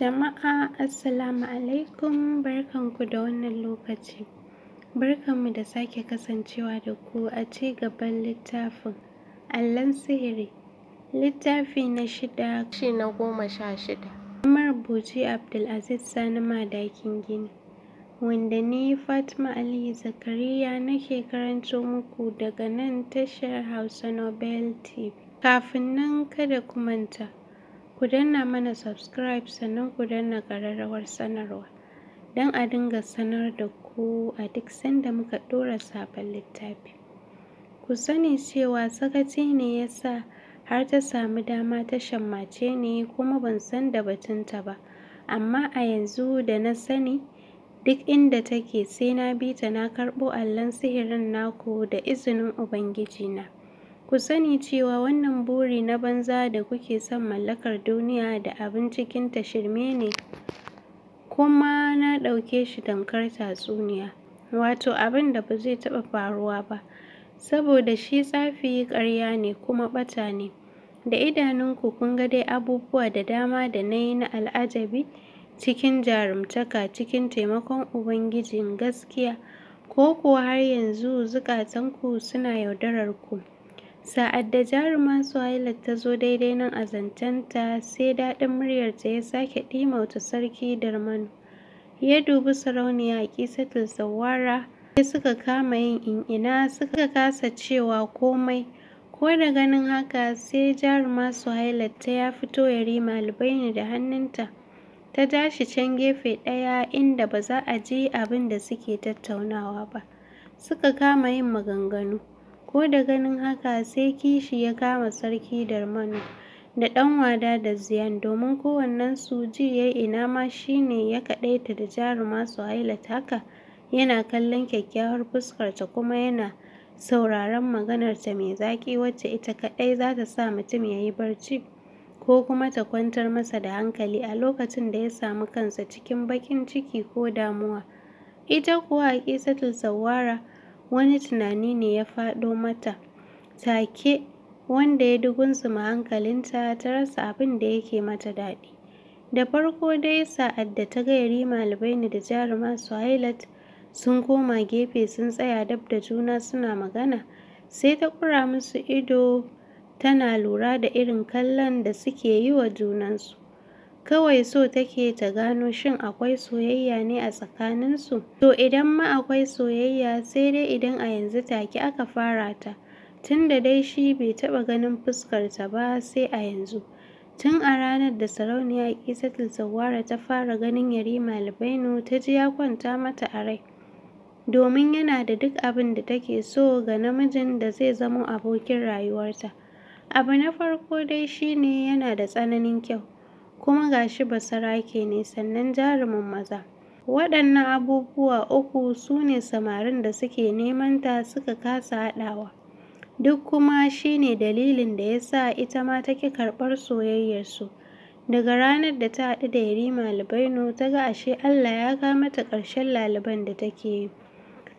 Jama'a assalamu alaikum barkanku da wannan lokaci barkanmu da sake kasancewa da ku a ci gaban littafin allon sihiri littafi na shida shi na goma sha shida marubuci Abdulaziz Sani Madakin Gini wanda ni Fatima Aliyu Zakariya nake karanto muku daga nan tashar Hausa Nobel TV kafin nan kada ku manta ku danna mana subscribe sannan ku danna ƙararrawar sanarwa don a dinga sanar da ku a duk sanda muka ɗora sabon littafi ku sani cewa sakaci ne ya sa har ta samu dama ta shammace ne kuma ban san da batunta ba amma a yanzu da na sani duk inda take sai na bi ta na karɓo allon sihirin naku da izinin ubangijina Ku sani cewa wannan buri na banza da kuke son mallakar duniya da abin cikinta shirme ne, kuma na ɗauke shi tamkar tatsuniya, wato abin da ba zai taɓa faruwa ba, saboda shi tsafi ƙarya ne kuma ɓata ne. Da idanunku kun ga dai abubuwa da dama da na yi na al'ajabi cikin jarumtaka cikin taimakon Ubangijin gaskiya, ko kuwa har yanzu zukatanku suna yaudarar ku? Sa'ad da jaruma suhailat ta zo daidai nan a zancenta, sai daɗin muryarta ya sake ɗimauta sarki Darman. Ya dubi sarauniya a ƙisa Sawwara, sai suka kama yin in'ina suka kasa cewa komai. Ko da ganin haka sai jaruma suhailat ta ya fito ya rima albaini da hannunta. Ta dashi can gefe ɗaya inda ba za a ji abin da suke tattaunawa ba. Suka kama yin maganganu. Ko da ganin haka sai kishi ya kama Sarki Darmanu da ɗan wada da Ziyan domin kowannensu ji ya yi ina ma shi ne ya kaɗaita da jaruma su hailata haka yana kallon kyakkyawar fuskarta kuma yana sauraron maganarta mai zaƙi wacce ita kaɗai za ta sa mutum ya yi barci ko kuma ta kwantar masa da hankali a lokacin da ya samu kansa cikin baƙin ciki ko damuwa. Ita kuwa Aqisatul Sawwara wani tunani ne ya faɗo mata take wanda ya dugunzuma hankalinta ta rasa abin da yake mata daɗi da farko dai sa'ad da ta ga malibai ne da jaruma hailat sun koma gefe sun tsaya dab da juna suna magana sai ta ƙura musu ido tana lura da irin kallon da suke yi wa junansu kawai so take ta gano shin akwai soyayya ne a tsakaninsu to idan ma akwai soyayya sai dai idan a yanzu take aka fara ta tun da dai shi bai taɓa ganin fuskarta ba sai a yanzu tun a ranar da sarauniya kisatul sawara ta fara ganin yarima Labainu ta ji ya kwanta mata a rai domin yana da duk abin da take so ga namijin da zai zamo abokin rayuwarta abu na farko dai shine yana da tsananin kyau kuma ga shi basarake ne sannan jarumin maza waɗannan abubuwa uku su ne samarin da suke neman ta suka kasa haɗawa duk kuma shi ne dalilin da ya sa ita ma take karɓar soyayyarsu daga ranar da ta haɗu da yarima libaino ta ga ashe allah ya ga mata ƙarshen laliban da take yi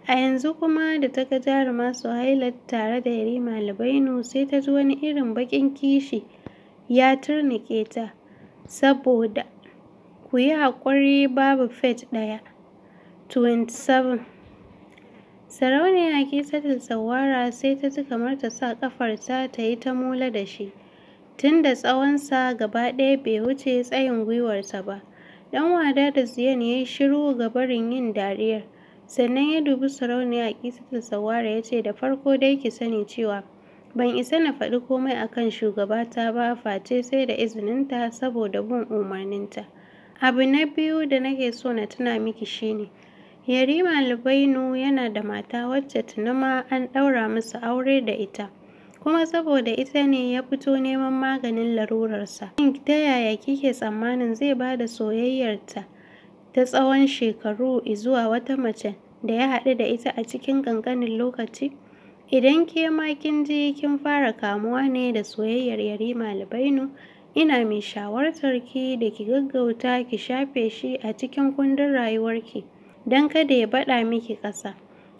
a yanzu kuma da ta ga jaruma su hailar tare da yarima libaino sai ta ji wani irin baƙin kishi ya turnike ta Saboda, ku yi haƙuri babu fet ɗaya. 27. Sarauniya Kessatul tsawara sai ta ji kamar ta sa ƙafarta ta yi ta mola da shi, tun da tsawonsa gaba ɗaya bai wuce tsayin gwiwarsa ba. Ɗan wada da Ziyan ya yi shiru ga barin yin dariyar, sannan ya dubi Sarauniya Kessatul tsawara ya ce da farko dai ki sani cewa Ban isa na faɗi komai akan shugabata ba face sai da izininta saboda bin umarninta. Abu na biyu da nake so na tuna miki shine, Yarima Lubainu yana da mata wacce tunama an ɗaura musu aure da ita. kuma saboda ita ne ya fito neman maganin larurarsa. Ta yaya kike tsammanin zai ba da soyayyarta ta tsawon shekaru zuwa wata mace da ya haɗu da ita a cikin ƙanƙanin lokaci? Idan ke ma kin ji kin fara kamuwa ne da soyayyar Yarima malibainu, ina mai shawartar ki da ki gaggauta ki shafe shi a cikin kundin rayuwarki don kada ya baɗa miki ƙasa.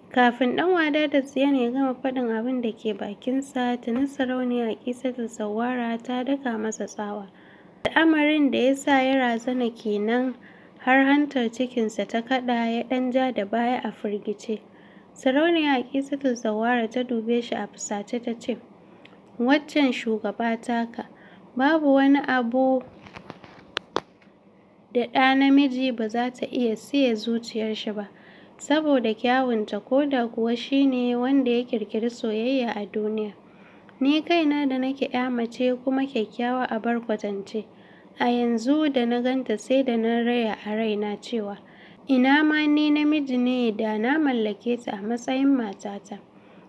Kafin ɗan wada da tsaye ya gama faɗin abin da ke bakinsa, tuni sarauniya a Sawara ta daka masa tsawa. amarin da ya sa ya razana kenan har hantar cikinsa ta kaɗa ya ɗan ja da baya a firgice. Sarauniya Aqisatul Zawara ta dube shi a fusace ta ce, Waccan shugaba taka, babu wani abu da ɗa namiji ba za ta iya siya zuciyar shi ba, saboda kyawunta ko da kuwa shi ne wanda ya ƙirƙiri soyayya a duniya. Ni kaina da nake ‘ya mace kuma kyakkyawa a bar kwatance, a yanzu da na ganta sai da na raya a raina cewa Ina ma ni namiji ne da na mallake ta a matsayin matata.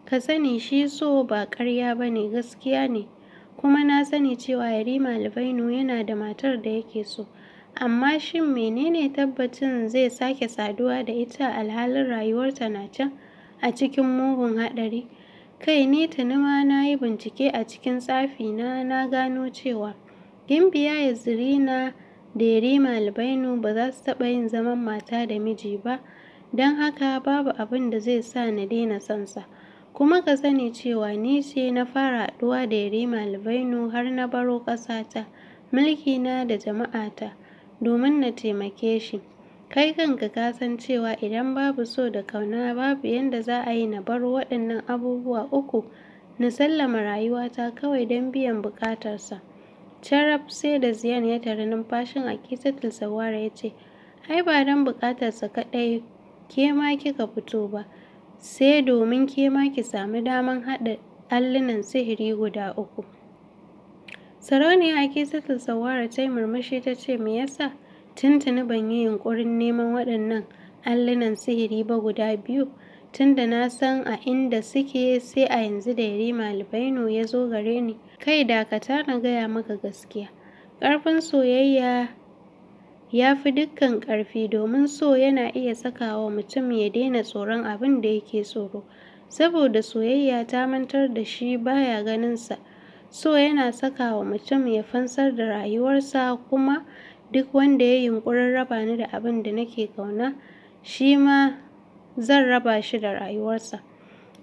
Ka sani shi so ba karya ba ne, gaskiya ne. Kuma na sani cewa Yarima Albainu yana da matar da yake so. Amma shin menene tabbacin zai sake saduwa da ita alhalin rayuwarta na can a cikin mugun haɗari? Kai ne tuni ma na yi bincike a cikin tsafina na gano cewa Gimbiya ya na. Derima Albino ba za su taɓa yin zaman mata da miji ba, don haka babu abin da zai sa na daina sansa Kuma ka sani cewa ni ce na fara haɗuwa da Yarima Albino har na baro ƙasata, mulkina da jama'ata, domin na taimake shi. Kai kanka ka san cewa idan babu so da kauna babu yadda za a yi na baro waɗannan abubuwa uku na sallama rayuwata kawai don biyan buƙatarsa. Carab sai da Ziyan ya tari numfashin a Akisatul Sawara ya ce, Ai ba don sa kaɗai ke ma kika fito ba, sai domin ke ma ki samu daman haɗa allunan sihiri guda uku. a Akisatul Sawara ta yi murmushi ta ce, Me yasa tuntuni ban yi yunƙurin neman waɗannan allunan sihiri ba guda biyu, tunda na san a inda suke sai a yanzu da Yarima Albaino ya zo gare ni. kai dakata na gaya maka gaskiya ƙarfin soyayya ya fi dukkan ƙarfi domin so yana iya sakawa mutum ya daina tsoron abin da yake tsoro saboda soyayya ta mantar da shi baya ganinsa so yana sakawa mutum ya fansar da rayuwarsa kuma duk wanda ya yunƙurin raba ni da abin da nake ƙauna shi ma zan raba shi da rayuwarsa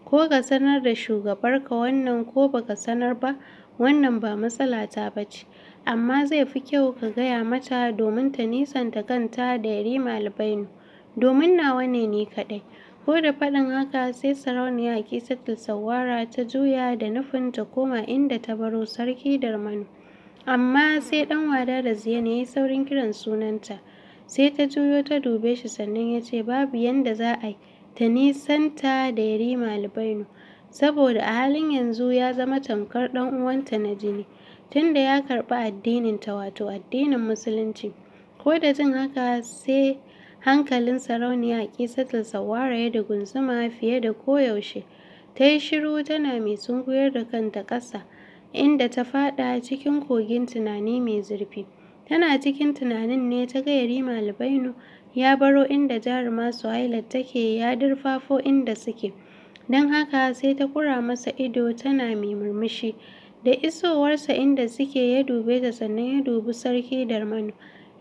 ko ka sanar da shugabarka wannan ko baka sanar ba wannan ba ta ba ce, amma zai fi kyau ka gaya mata domin ta nisanta kanta da Yarima Albainu, domin nawa ne ni kaɗai. Ko da faɗin haka sai sarauniya Kisatul sawara ta juya da nufin ta koma inda ta baro sarki Darmanu. Amma sai ɗan wada da ziyan ya yi saurin kiran sunanta, sai ta juyo ta dube shi sannan ya ce babu yanda za a yi ta nisanta da Yarima Albainu. saboda a halin yanzu ya zama tamkar ɗan uwanta na jini tunda ya karɓi addininta wato addinin musulunci ko da jin haka sai hankalin sarauniya kisatul sawara ya da gunzuma fiye da koyaushe ta yi shiru tana mai sunkuyar da kanta ƙasa inda ta faɗa cikin kogin tunani mai zurfi tana cikin tunanin ne ta ga yarima albainu ya baro inda jaruma suhailat take ya durfafo inda suke don haka sai ta kura masa ido tana mai murmushi. Da isowarsa inda suke ya dube ta sannan ya dubi sarki Darmanu.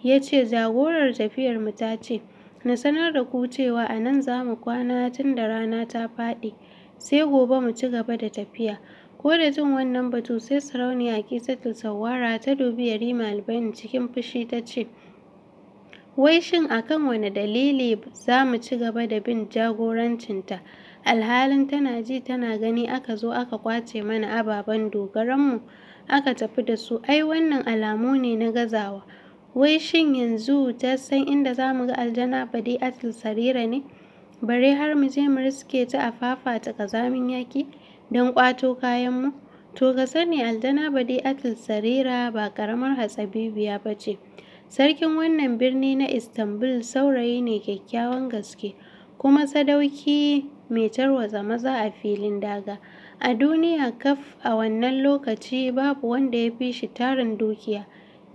Ya ce jagorar tafiyarmu ta ce, na sanar da ku cewa a nan za mu kwana tun da rana ta faɗi, sai gobe mu ci gaba da tafiya. Ko da jin wannan batu sai sarauniya Kisatul Sawara ta dubi Yarima albain cikin fushi ta ce, Wai shin akan wani dalili za mu ci gaba da bin jagorancinta? alhalin tana ji tana gani aka zo aka kwace mana ababen dogaranmu aka tafi da su ai wannan alamu ne na gazawa wai shin yanzu ta san inda za mu ga aljana ba dai atil sarira ne bare har mu je mu riske ta a fafata kazamin yaƙi don ƙwato kayanmu to ga sani aljana ba dai atil sarira ba ƙaramar hatsabibiya ba ce sarkin wannan birni na istanbul saurayi ne kyakkyawan gaske kuma sadauki mai tarwatsa maza a filin daga. A duniya kaf a wannan lokaci babu wanda ya fi shi tarin dukiya,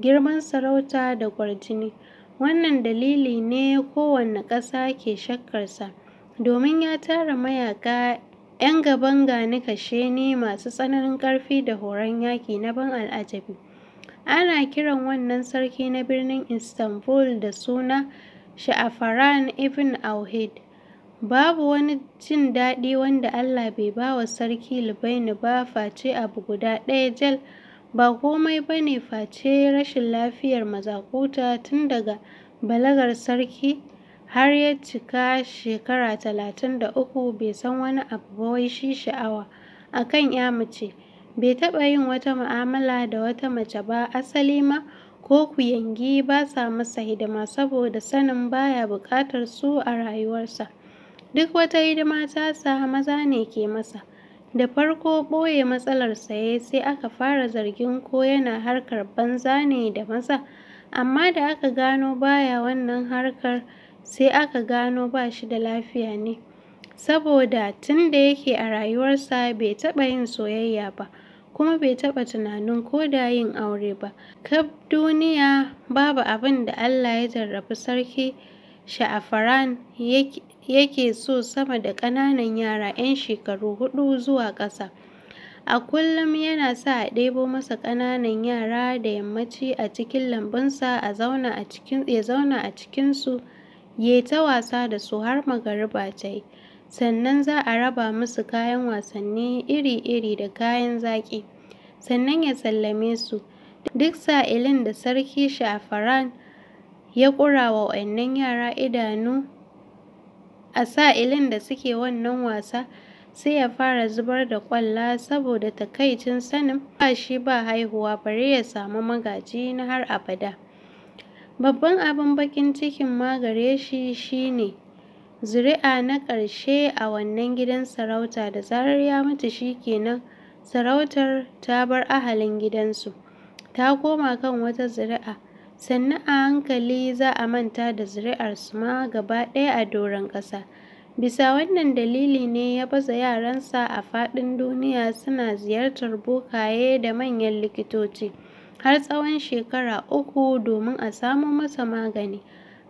girman sarauta da gwarjini Wannan dalili ne kowanne ƙasa ke shakkarsa, domin ya tara mayaƙa 'yan gaban gani kashe ne masu tsananin ƙarfi da horon yaƙi na ban al'ajabi. Ana kiran wannan sarki na birnin Istanbul da suna Sha'afaran ibn Auhid. Babu wani jin daɗi wanda Allah bai ba wa Sarki Lubaini ba face abu guda ɗaya jal, ba komai ba ne face rashin lafiyar mazakuta tun daga balagar sarki har ya cika shekara talatin da uku bai san wani abu ba wai shi sha'awa a kan ya mace. Bai taɓa yin wata mu'amala da wata mace ba asali ma ko ku yangi ba sa masa hidima saboda sanin baya ya buƙatar su a rayuwarsa. Duk wata hidima ta sa maza ne ke masa. Da farko ɓoye matsalar saye sai aka fara zargin ko yana harkar banza ne da maza, amma da aka gano baya wannan harkar sai aka gano ba shi da lafiya ne. Saboda tun da yake a rayuwarsa bai taɓa yin soyayya ba, kuma bai taɓa tunanin ko da yin aure ba. Kaf duniya babu abin da Allah ya jarrabi sarki Sha'afaran yake so sama da ƙananan yara 'yan shekaru huɗu zuwa ƙasa. A kullum yana sa a ɗebo masa ƙananan yara da yammaci a cikin lambunsa a zauna a ya zauna a cikinsu ya ta wasa da su har magariba ta yi. Sannan za a raba musu kayan wasanni iri-iri da kayan zaƙi. Sannan ya sallame su. Duk sa'ilin da Sarki Sha'afaran ya ƙura wa waɗannan yara idanu a sa ilin da suke wannan wasa sai ya fara zubar da ƙwalla saboda takaicin sanin ba shi ba haihuwa bare ya samu magaji na har abada babban abin bakin cikin magare shi shine zuri'a na ƙarshe a wannan gidan sarauta da zarar ya mutu shi kenan sarautar ta bar ahalin gidansu ta koma kan wata zuri'a sannu a hankali za a manta da su ma gaba ɗaya a doron ƙasa. Bisa wannan dalili ne ya baza yaransa a faɗin duniya suna ziyartar bokaye da manyan likitoci har tsawon shekara uku domin a samo masa magani,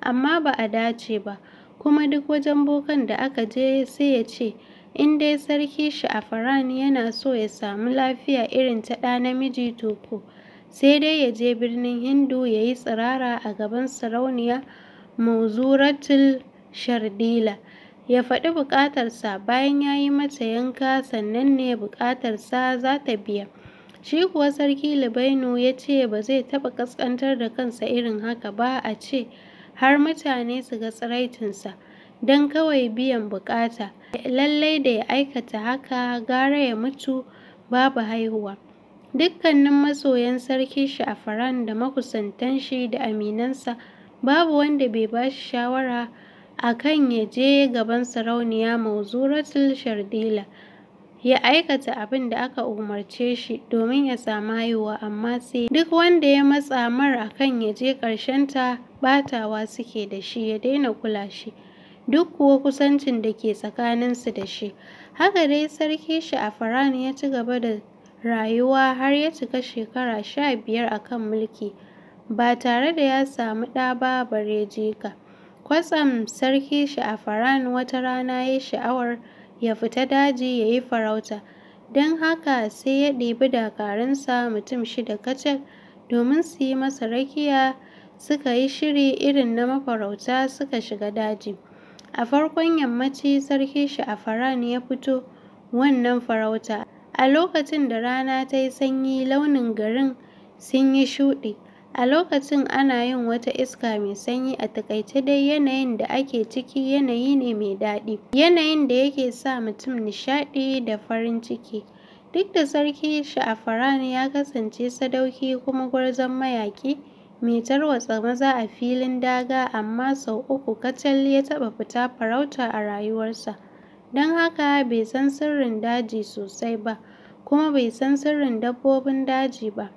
amma ba a dace ba, kuma duk wajen bokan da aka je sai ya ce, in dai sarki shi a Sha'afaran yana so ya samu lafiya irin ta ɗa namiji to sai dai ya je birnin Hindu ya yi tsirara a gaban sarauniya Mauzuratul Shardila, ya faɗi buƙatarsa bayan ya yi mata yanka sannan ne buƙatarsa za ta biya. Shi kuwa sarki Libainu ya ce ba zai taɓa ƙasƙantar da kansa irin haka ba a ce har mutane su ga tsiraitinsa don kawai biyan buƙata. Lallai da ya aikata haka gara ya mutu babu haihuwa. Dukkanin masoyan sarkin faran da makusantan shi da aminansa babu wanda bai ba shi shawara a kan ya je gaban Sarauniya Mauzuratul Shardila ya aikata abin da aka umarce shi domin ya samu haihuwa amma sai duk wanda ya matsa mar a kan ya je ta batawa suke da shi ya daina kula shi duk kuwa kusancin da ke tsakaninsu da shi haka dai sarki shi a faran ya ci gaba da rayuwa har ya cika shekara sha biyar a kan mulki ba tare da ya samu ɗa ba bare Kwatsam Sarki shi a Sha'afaran wata rana ya sha'awar ya fita daji ya yi farauta, don haka sai ya ɗebi dakarunsa mutum shida kacal domin su yi masa rakiya suka yi shiri irin na mafarauta suka shiga daji. A farkon yammaci Sarki Sha'afaran ya fito wannan farauta. A lokacin da rana ta yi sanyi launin garin sun yi shuɗi, a lokacin ana yin wata iska mai sanyi a taƙaice dai yanayin da ake ciki yanayi ne mai daɗi, yanayin da yake sa mutum nishaɗi da farin ciki. Duk da Sarki Sha'afaran ya kasance sadauki kuma gwarzon mayaƙi mai tarwatsa maza a filin daga amma sau uku kacal ya taɓa fita farauta a rayuwarsa. don haka bai san sirrin daji sosai ba kuma bai san sirrin dabbobin daji ba.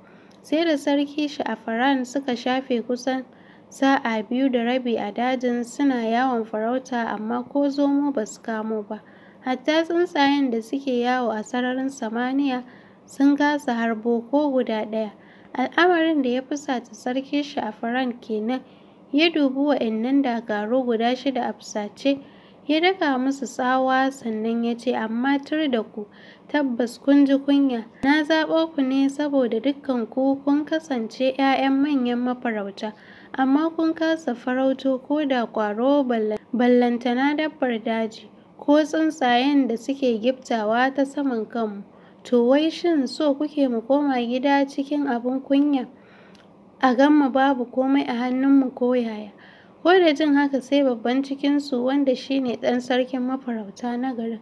Sai da sarki shi a Sha'afaran suka shafe kusan sa'a biyu da rabi a dajin suna yawon farauta amma ko zomo ba su kamo ba. Hatta tsuntsayen da suke yawo a sararin samaniya sun kasa harbo ko guda ɗaya. Al'amarin da ya fusata sarki Sha'afaran kenan ya dubi wa'innan dakaru guda shida a fusace. ya daga musu tsawa sannan ya ce amma tur da ku tabbas kun ji kunya na zaɓo ku ne saboda dukkan ku kun kasance 'ya'yan manyan mafarauta amma kun kasa farauto ko da ƙwaro ballantana dabbar daji ko tsuntsayen da suke giftawa ta saman kanmu to wai shin so kuke mu koma gida cikin abin kunya a gama babu komai a hannunmu ko yaya ko da jin haka sai babban cikinsu wanda shine ɗan sarkin mafarauta na garin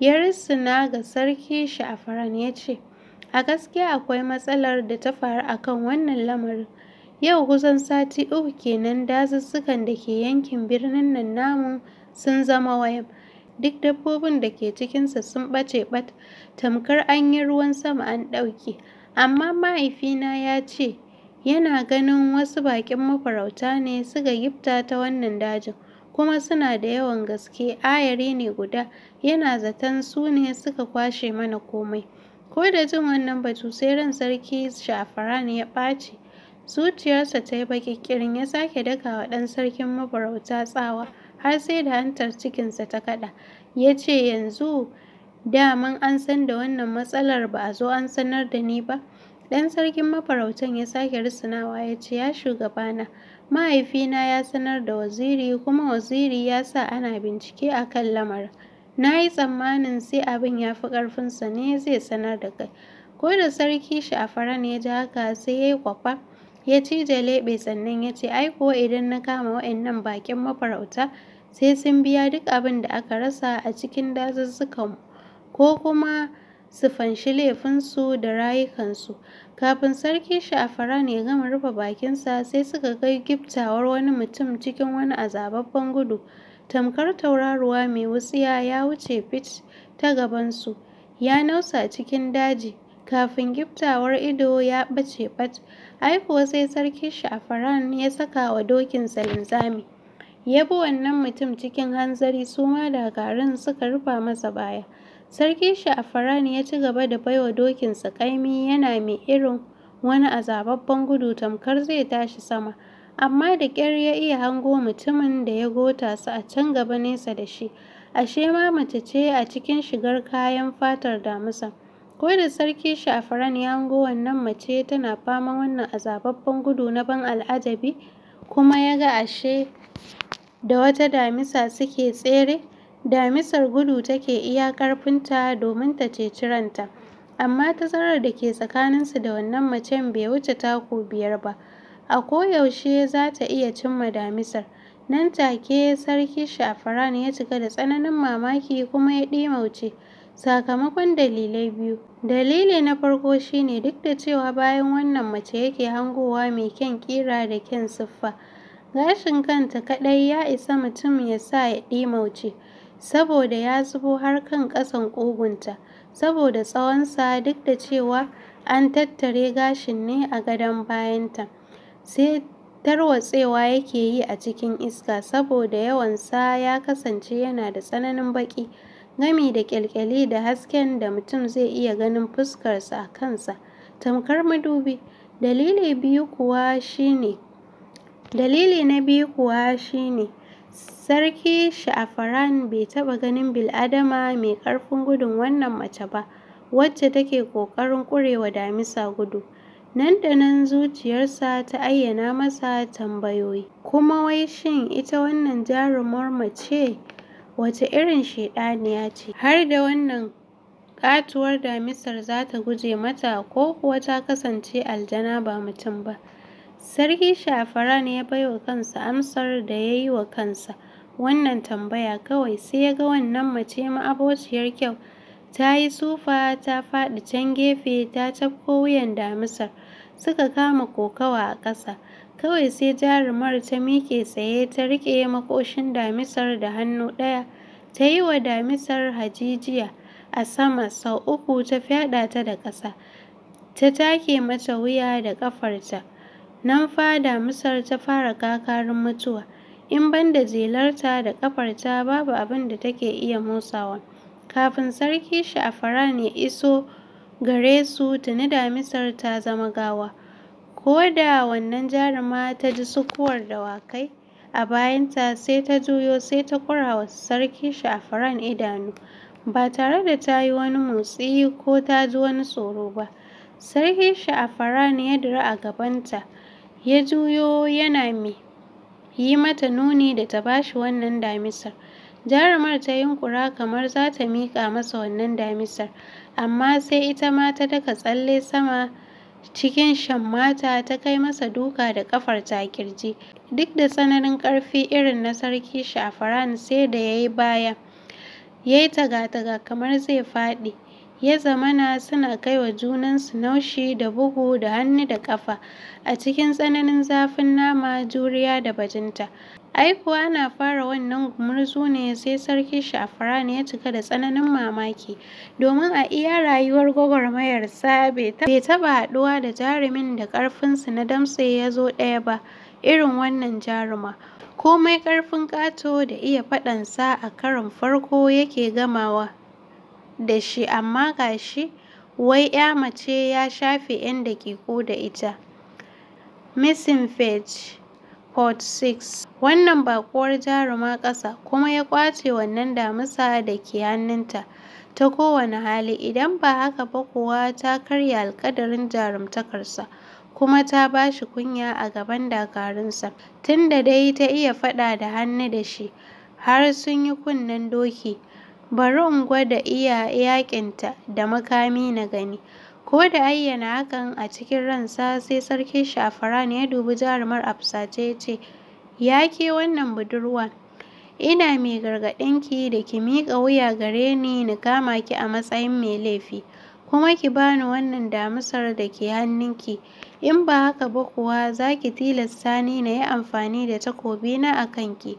ya na ga sarki shi sha'afaran ya ce a gaskiya akwai matsalar da ta faru a kan wannan lamarin yau kusan sati uku kenan dazuzzukan da ke yankin birnin nan namu sun zama waya. duk dabbobin da ke cikinsa sun ɓace ɓat tamkar an yi ruwan sama an ɗauke amma mahaifina ya ce yana ganin wasu baƙin mafarauta ne suka gifta ta wannan dajin kuma suna da yawan gaske ayari ne guda yana zaton su ne suka kwashe mana komai ko da jin wannan batu sai ran sarki shafaran ya ɓaci zuciyarsa ta yi baƙiƙirin ya sake wa ɗan sarkin mafarauta tsawa har sai da hantar cikinsa ta kaɗa ya ce yanzu daman an san da wannan matsalar ba a zo an sanar da ni ba Ɗan sarkin mafarautan ya sake risinawa, ya ce, Ya shugabana, mahaifina ya sanar da waziri kuma waziri ya sa ana bincike a kan lamarin. Na yi tsammanin sai abin ya fi ƙarfinsa ne zai sanar da kai. Ko da sarki shi a fara ya ji haka sai ya yi kwafa, ya cije leɓe sannan ya ce, Ai kuwa idan na kama wa'annan bakin mafarauta, sai sun biya duk abin da aka rasa a cikin dazuzzukanmu. Ko kuma su fanshi laifinsu da rayukansu kafin sarki sha'afaran ya gama rufe bakinsa sai suka kai giftawar wani mutum cikin wani azababban gudu tamkar tauraruwa mai wutsiya ya wuce fit ta gabansu ya nausa cikin daji kafin giftawar ido ya ɓace fat haihuwa sai sarki sha'afaran ya saka wa dokinsa linzami ya bi wannan mutum cikin hanzari su ma garin suka rufa masa baya Sarki Shafaran ya ci gaba da baiwa dokinsa ƙaimi yana mai irin wani azababban gudu tamkar zai tashi sama, amma da ƙyar ya iya hango mutumin da ya gota su a can gaba nesa da shi, ashe ma mace ce a cikin shigar kayan fatar damusa. Ko da sarki Shafaran ya hango wannan mace tana fama wannan azababban gudu na ban al'ajabi, kuma ya ga ashe da wata damisa suke tsere. Damisar gudu take iya ƙarfinta domin ta ceci ranta, amma tazarar da ke tsakaninsu da wannan macen bai wuce taku biyar ba. A koyaushe za ta iya cimma damisar. Nan take Sarki Shafaran ya cika da tsananin mamaki kuma ya ɗimauce sakamakon dalilai biyu. Dalili na farko shine duk da cewa bayan wannan mace yake hangowa mai kyan ƙira da kyan siffa, gashin kanta kaɗai ya isa mutum ya sa ya ɗimauce. saboda ya zubo har kan ƙasan ƙugunta, saboda tsawonsa duk da cewa an tattare gashin ne a gadon bayanta. Sai tarwatsewa yake yi a cikin iska saboda yawansa ya kasance yana da tsananin baƙi, gami da ƙyalƙyali da hasken da mutum zai iya ganin fuskarsa a kansa, tamkar madubi. Dalili biyu kuwa shi ne, dalili na biyu kuwa shi ne, Sarki Sha'afaran bai taɓa ganin bil'adama mai ƙarfin gudun wannan mace ba, wacce take ƙoƙarin ƙurewa damisa gudu. Nan da nan zuciyarsa ta ayyana masa tambayoyi. Kuma wai shin ita wannan jarumar mace wace irin shaidaniya ce? Har da wannan ƙatuwar damisar za ta guje mata ko kuwa ta kasance aljana ba mutum ba? Sarki shafaran ya bai wa kansa amsar da ya yi wa kansa wannan tambaya kawai sai ya ga wannan mace ma'abociyar kyau ta yi sufa ta faɗi can gefe ta tafko wuyan damisar suka kama kokawa a ƙasa kawai sai jarumar ta miƙe tsaye ta riƙe makoshin damisar da hannu ɗaya ta yi wa damisar hajijiya a sama sau uku ta fyaɗa ta da ƙasa ta take mata wuya da ƙafarta. nan fada Misar ta fara kakarin mutuwa, in ban da jelarta da ƙafarta babu abin da take iya motsawa. Kafin Sarki shi a Sha'afaran ya iso gare su tuni damisar ta zama gawa. Ko da wannan jaruma ta ji sukuwar dawakai a bayanta sai ta juyo sai ta wa Sarki shi a Sha'afaran idanu, ba tare da ta yi wani motsi ko ta ji wani tsoro ba. Sarki Sha'afaran ya dira a gabanta. ya juyo yana mai yi mata nuni da ta bashi wannan damisar jarumar ta yunkura kamar za ta miƙa masa wannan damisar amma sai ita ma ta daka tsalle sama cikin shan mata ta kai masa duka da kafar ta kirji duk da tsananin ƙarfi irin na sarki shafaran sai da ya yi baya ya yi taga-taga kamar zai faɗi ya zamana suna kai wa junansu naushi da bugu da hannu da ƙafa a cikin tsananin zafin nama juriya da bajinta Aikuwa kuwa ana fara wannan gumurzu ne sai sarki shafran ya cika da tsananin mamaki domin a iya rayuwar gwagwarmayarsa bai taba haɗuwa da jarumin da ƙarfinsu na damtse ya zo ɗaya ba irin wannan jaruma komai ƙarfin ƙato da iya faɗansa a karon farko yake gamawa da shi amma gashi, wai 'ya mace ya shafe 'yan daƙiƙu da ita. Missing page Port 6 Wannan baƙuwar jaruma ƙasa kuma ya ƙwace wannan damusa da ke hannunta ta kowane hali idan ba haka ba kuwa ta karya alkadarin jarumtakarsa kuma ta ba shi kunya a gaban dakarunsa tunda dai ta iya faɗa da hannu da shi har sun yi kunnen doki Bari in gwada iya yakinta da makami na gani. Ko da ayyana hakan a cikin ransa, sai sarkin shafaran ya dubi jarumar afsace fusace ya ce, Ya ke wannan budurwa, ina mai gargaɗinki da ki miƙa wuya gare ni na kama ki a matsayin mai laifi, kuma ki bani wannan damisar da ke hannunki, in ba haka ba kuwa za ki tilasta ni na yi amfani da takobi na a kanki.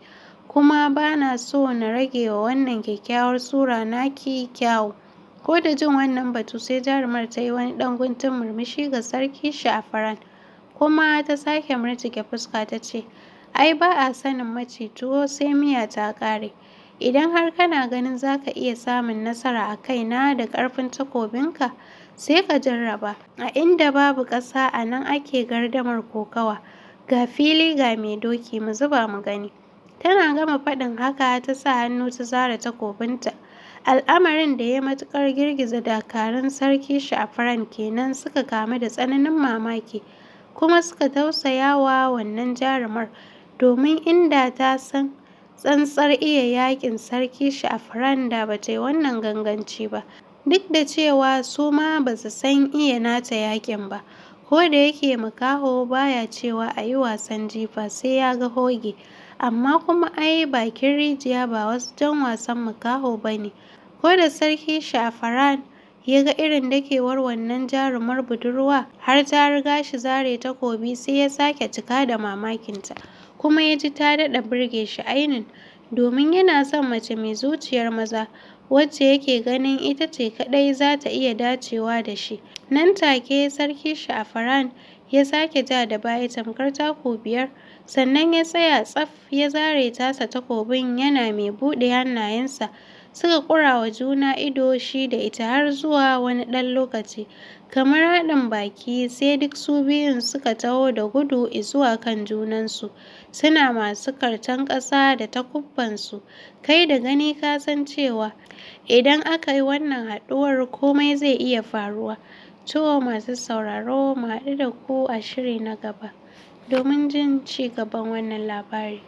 kuma ba na so na rage wa wannan kyakkyawar sura naki kyau. Ko da jin wannan batu sai jarumar ta yi wani ɗan guntun murmushi ga sarki shafaran kuma ta sake murtuke fuska ta ce, Ai, ba a sanin mace tuwo sai miya ta kare. Idan har kana ganin za ka iya samun nasara a kai na da ƙarfin takobinka, sai ka jarraba. A inda babu ƙasa a nan ake gardamar kokawa. Ga fili ga mai doki mu zuba mu gani. Tana gama faɗin haka ta sa hannu ta zara takobinta. Al'amarin da ya matuƙar girgiza dakarun sarki Shafran kenan suka kamu da tsananin mamaki kuma suka tausayawa wannan jarumar domin inda ta san tsantsar iya yakin sarki Sha'afran da ba ta yi wannan ganganci ba. Duk da cewa su ma ba su san iya nata yakin ba, ko da yake makaho baya cewa a yi wasan jifa sai ya ga hoge. amma kuma ai bakin rijiya ba wajen wasan makaho ba ne. Ko da sarki shafaran ya ga irin dakewar wannan jarumar budurwa har ta riga shi zare ta kobi sai ya sake cika da mamakinta, kuma ya ji ta daɗa birge shi ainin domin yana son mace mai zuciyar maza. wacce yake ganin ita ce kaɗai za ta iya dacewa da shi. Nan take sarki shafaran ya sake ja da baya tamkar taku biyar sannan ya tsaya tsaf ya zare tasa takobin yana mai buɗe hannayensa suka ƙura wa juna ido shi da ita har zuwa wani ɗan lokaci kamar haɗin baki sai duk su biyun suka taho da gudu zuwa kan junansu suna masu kartan ƙasa da takubbansu kai da gani ka san cewa idan aka yi wannan haɗuwar komai zai iya faruwa to masu sauraro mu da ku a shiri na gaba domin jin ci gaban wannan labari.